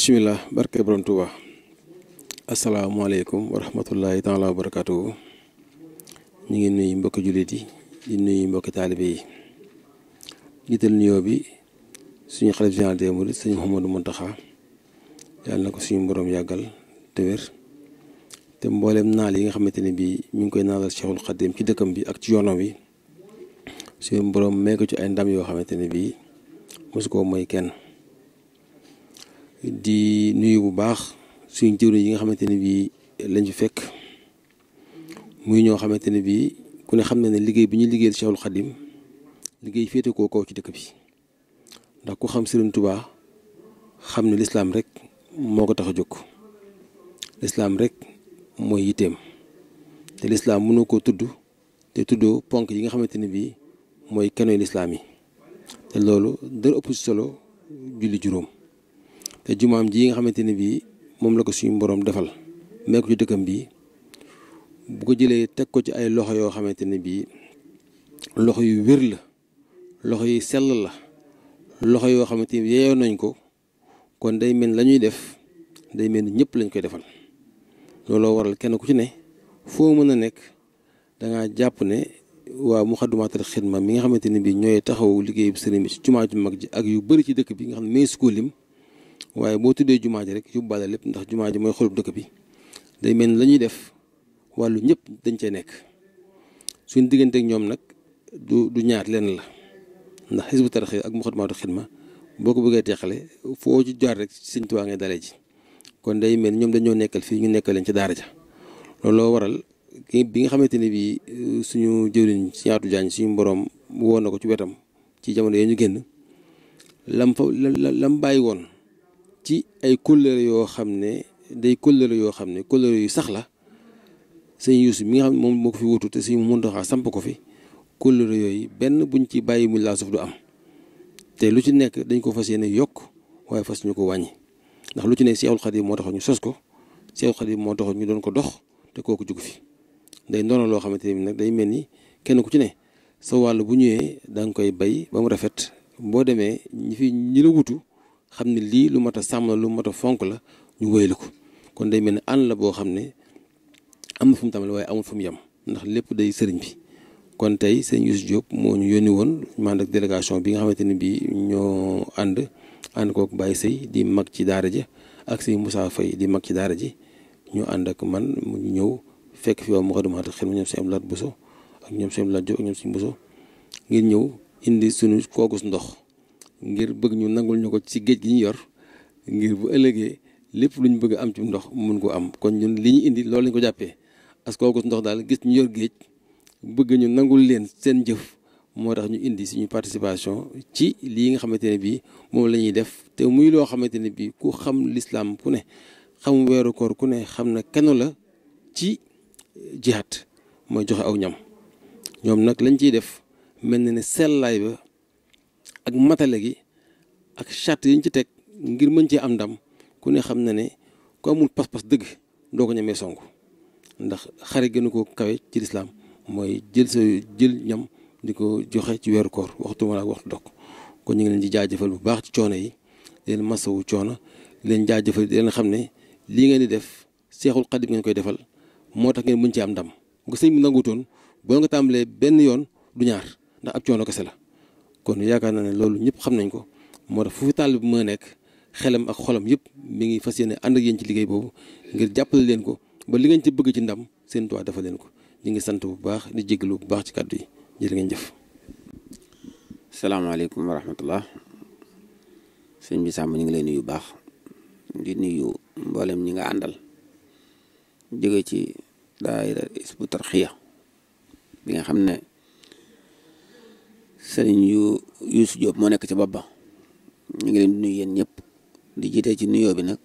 bisimilah barke borom Touba asalaamaaleykum wa rahmatullahi taala wa barakaatuhu ñu ngi nuyu mbokki jullit yi di nuyu mbokki taalibe yi jiital nuyoo bi suñu xalif général des mourides sëñ Mouhamadou ko suñu mborom yàggal te wér te mboolem naal yi nga xamante ne bii mi ngi koy naalal Cheikhul ci dëkkam bi ak ci yoonam wi suñu borom may ko ci ay ndam yoo xamante ne bii mosu koo moy kenn. di nuyu bu baax suñu jëwriñ yi nga xamante ne bii lañ fi fekk muy ñoo xamante ne bii ku ne xam na ne liggéey bi ñu liggéeyal Cheikhul Khadim liggéey féete koo kaw ci dëkk bi ndax ku xam Serigne tubaa xam ne lislaam rek moo ko tax a jóg lislaam rek mooy yitteem te lislaam mënoo koo tudd te tuddoo ponk yi nga xamante ne bii mooy kenoy lislaam yi te loolu dara ëpp ci solo julli juróom te jumaam ji yi nga xamante ne bii moom la ko suñu mboroom defal meeku ci dëkkam bi bu ko jëlee teg ko ci ay loxo yoo xamante ne bii loxo yu wér la loxo yu sell la loxo yoo xamante ni yeeyoo nañ ko kon day mel la ñuy def day mel ni ñëpp lañ koy defal looloo waral kenn ku ci ne foo mën a nekk dangaa jàpp ne waa Muxaddamaatul Xidma mi nga xamante ne bii ñooy taxaw liggéey bu sëriñ bi ci jumaa ju mag ji ak yu bëri ci dëkk bi nga xam ne may sukoo lim waaye boo tuddee jumaa ji rek yóbbaale lépp ndax jumaa ji mooy xolub dëkk bi day mel ni la ñuy def wàllu ñëpp dañ cee nekk suñ digganteek ñoom nag du du ñaar lenn la ndax bu tarxiya ak muxadamaatu xidma boo ko bëggee teexale foo ci jaar rek sëñ Tuubaa ngay dalee ji kon day mel ñoom dañoo nekkal fii ñu nekkal leen ca daara ja looloo waral bi nga xamante ne bii euh, suñu jëwriñ si ñaatu jaañ suñu mboroom woo na ko ci wetam ci jamono yee ñu génn lam fa bàyyi woon ci ay kóllëre yoo xam ne day kóllëre yoo xam ne kóllëre yu sax la sëñ Yuusu mi nga xam moom moo ko fi wutu te sëñ Muntaxa samp ko fi kóllëre yooyu benn buñ ci bàyyi mu laa suuf du am te lu ci nekk dañ ko fas yéene yokk waaye fas ñu ko wàññi ndax lu ci nekk Seexul Xadiim moo tax ñu sos ko Seexul Xadiim moo taxoon ñu doon ko dox te kooku jug fi day ndono loo xamante ni nag day mel ni kenn ku ci ne sa wàll bu ñëwee da koy bay ba mu rafet boo demee ñi fi ñi xam ne lii lu mat a sàmm la lu mat a fonk la ñu wéylu ko kon day mel ni ànd la boo xam ne am na fu mu tàmbali waaye amul fu mu yem ndax lépp day sëriñ bi kon tey sëñ Youssou Diop moo ñu yónni woon man ak délégation bi nga xamante ne bii ñoo ànd ànd kook Baye Sey di mag ci daara ji ak sëñ Moussa Faye di mag ci daara ji ñu ànd man mu ñëw fekk fi waa Moukhaddamatoul Khidma ñoom sëñ Abdou Lahad Bousso ak ñoom sëñ Abdou Lahad Diop ak ñoom sëñ Bousso ngir ñëw indi sunu koogus ndox ngir bëgg ñu nangul ñu ko ci géej gi ñu yor ngir bu ëllëgee lépp lu ñu bëgg am ci ndox mun ko am kon ñun li ñu indi loolu lañ ko jàppee parce que kooku ndox daal gis ñu yor géej bëgg ñu nangul leen seen jëf moo tax ñu indi suñu participation ci lii nga xamante ne bii moom la ñuy def te muy loo xamante ne bii ku xam lislaam ku ne xam weeru koor ku ne xam na kenn la ci jihaat mooy joxe aw ñam ñoom nag lañ ciy def mel na ne sellaay ba ak matale gi ak charte yi ñu ci teg ngir mën cee am ndam ku ne xam na ne ku amul pas-pas dëgg doo ko ñemee song ndax xare gënu ko kawe ci lislaam mooy jël sa jël ñam di ko joxe ci weeru koor waxtu wala waxtu dog kon ñu ngi leen jaa jëfal bu baax ci coono yi leen masawu coono leen jaajëfal di leen xam ne lii ngeen di def seexul xadim ngeen koy defal moo tax ngeen mën ci am ndam bu ko sëñ bi nangutoon boo nga tàmbalee benn yoon du ñaar ndax ab coono kese kon yaakaar naa ne loolu ñëpp xam nañ ko moo tax fu tàll mën a nekk xelam ak xolam yëpp mi ngi fas yéene ànd ak yéen ci liggéey boobu ngir jàppale leen ko ba li ngeen ci bëgg ci ndam seen tuwaa dafa leen ko ñu ngi sant bu baax li jégalu bu baax ci kàddu yi jërë ngeen jëf. salaamaaleykum wa rahmatullah sëñ bi sàmm ñu ngi lay nuyu baax di nuyu mboolem ñi nga àndal jóge ci daayira Hizbut Tarqiyyah bi nga xam ne. sëriñ yu Youssou Diop moo nekk ci bopp ba ñu ngi leen di nuyu yéen ñëpp di jiite ci nuyoo bi nag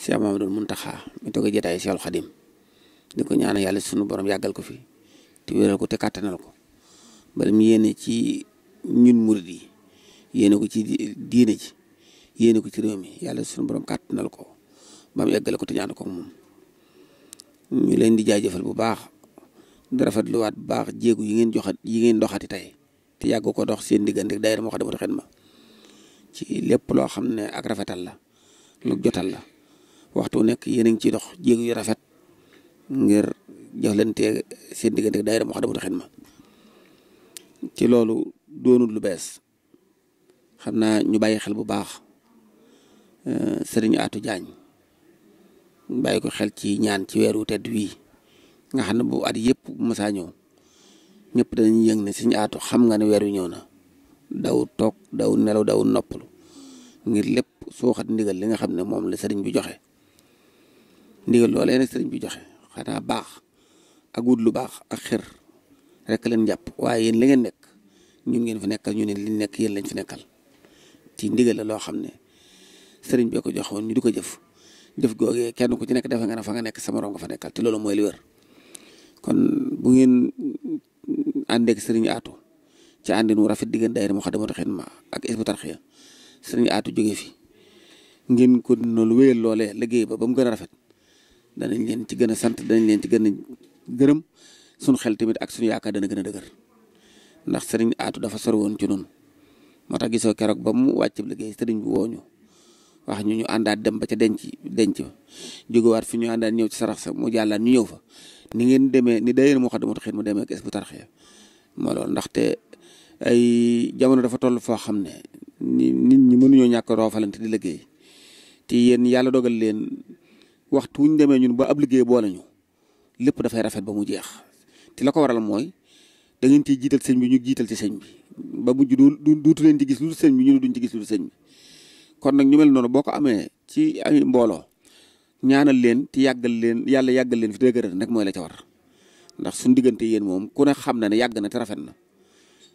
Cheikh Mamadou Mountakha mi toog a jotaay Cheikhul Khadim di ko ñaanal yàlla sunu borom yàggal ko fi te wéral ko te kàttanal ko bala mu yéene ci ñun mur yi yéene ko ci diine ci yéene ko ci réew mi yàlla sunu borom kàttanal ko ba mu yàggale ko te ñaan ko ak moom leen di jaajëfal bu baax. di rafetluwaat bu baax jéegu yi ngeen joxat yi ngeen doxati tey te yàgg ko dox seen diggante daayira Moukhaddamatoul Khidma ci lépp loo xam ne ak rafetal la lu jotal la waxtu nekk yéen a ngi ciy dox jéegu yu rafet ngir joxlante seen diggante daayira Moukhaddamatoul Khidma ci loolu doonul lu bees xam naa ñu bàyyi xel bu baax euh, sëriñ Atou Diagne bàyyi ko xel ci ñaan ci weeru tedd wii nga xam ne bu at yëpp mësaa ñëw ñëpp danañ yëng ne suñu aatu xam nga ne weer wi ñëw na daw toog daw nelaw daw noppalu ngir lépp suuxat ndigal li nga xam ne moom la sëriñ bi joxe ndigal loolee nag sëriñ bi joxe xanaa baax ak wut lu baax ak xer rek leen jàpp waaye yéen li ngeen nekk ñun ngeen fi nekkal ñu ne li nekk yéen lañ fi nekkal ci ndigal la loo xam ne sëriñ bi ko joxoon ñu di ko jëf jëf googee kenn ku ci nekk defe nga ne nekk sa morom fa nekkal te loolu mooy li wér. kon bu ngeen àndeek sëriñ Aatu ci àndin wu rafet diggante daayira Moukhaddamatoul Khidma ak Hizbut Tarqiyyah sëriñ Aatu jóge fi ngeen ko noonu wéyal loolee liggéey ba ba mu gën a rafet danañ leen ci gën a sant danañ leen ci gën a gërëm suñu xel tamit ak suñu yaakaar dana gën a dëgër ndax sëriñ Aatu dafa sori woon ci noonu moo ta gisoo keroog ba mu wàcc liggéey sëriñ bi wooñu wax ñu ñu àndaat dem ba ca denc denc ba jógewaat fi ñu àndaat ñëw sa sarax sa mu jàllaat ñu ñëw fa ni ngeen demee ni daayira Moukhaddamatoul Khidma mu demee ak Hizbut Tarqiyyah moo loolu ndaxte ay jamono dafa toll foo xam ne nit ñi mënuñoo ñàkk roofalante di liggéey te yéen yàlla dogal leen waxtu wu demee ñun ba ab liggéey boole ñu lépp dafay rafet ba mu jeex te la ko waral mooy da ngeen ciy jiital sëñ bi ñu jiital ci sëñ bi ba mujj du duutu leen ci gis lu dul sëñ bi ñu duñ ci gis lu dul sëñ bi kon nag ñu mel noonu boo ko amee ci ay mbooloo ñaanal leen ci yàggal leen yàlla yàggal leen fi dëgëral nag mooy la ca war ndax suñu diggante yéen moom ku ne xam na ne yàgg na te rafet na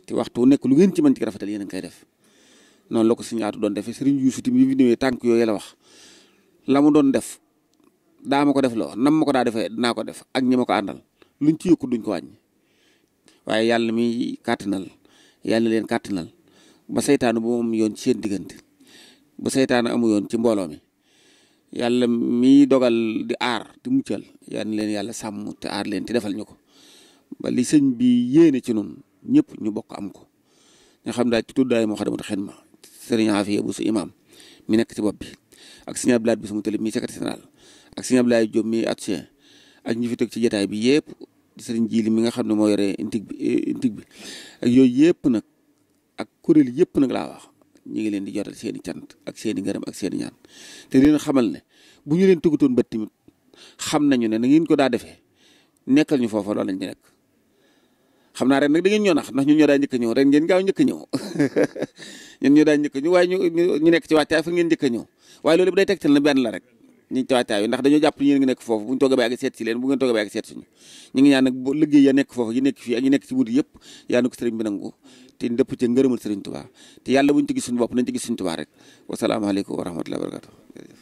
te waxtu nekk lu ngeen ci mën ci rafetal yéen na koy def noonu la ko suñu doon defee sëriñ Yuusu tamit bi ñëwee tànk yooyu la wax mu doon def daa ko def loo nam ma ko daa defee dinaa ko def ak ñi ko àndal luñ ci yokku duñ ko wàññi waaye yàlla mi kàttanal yàlla leen kàttanal ba saytaanu ba moom yoon ci seen diggante bu seytaan amu yoon ci mbooloo mi yàlla mi dogal di aar di muccal yal leen yàlla sàmm te aar leen ti defal ñu ko ba li sëñ bi yéene ci nun ñëpp ñu bokk am ko nga xam daal ci tuddaay moo xadamatu ma sëriñ Afiya bu su imaam mi nekk ci bopp bi ak sëñ laat bi su tele tëlib mi secrétaire général ak sëñ laay Diop at atien ak ñu fi teg ci jotaay bi yëpp sëriñ Jiili mi nga xam ne moo yore intig bi eh, intig bi ak yooyu yëpp nag ak kuréel yëpp nag laa wax ñu ngi leen di jotal seen i cant ak seen ngërëm ak seen ñaan te dina xamal ne bu ñu leen tëggatoon ba tamit xam nañu ne na ngeen ko daa defee nekkal ñu foofa loolu lañ ñu nekk. xam naa ren nag da ngeen ñoo nax ndax ñun ñoo daa njëkk ñëw rek ngeen gaaw njëkk a ñëw ñun ñoo daa njëkk a ñëw waaye ñu nekk ci wàccaay fa ngeen njëkk a ñëw waaye loolu day tegtal na benn la rek. ni ci waajtaay ndax dañoo jàpp yéen ngi nekk foofu bu ñu toogee ba ak seet si leen bu ngeen toogee ba ak seet suñu ñu ngi ñaan nag liggéey nekk foofu yi nekk fii ak yi nekk si wuti yëpp yaa na ko sëriñ bi nangu te ndëpp ci ngërëmal sëriñ Tuubaa te yàlla bu ñu ci gis suñu bopp nañ ci gis suñu Tuubaa rek wasalaamaaleykum wa rahmatullahi wa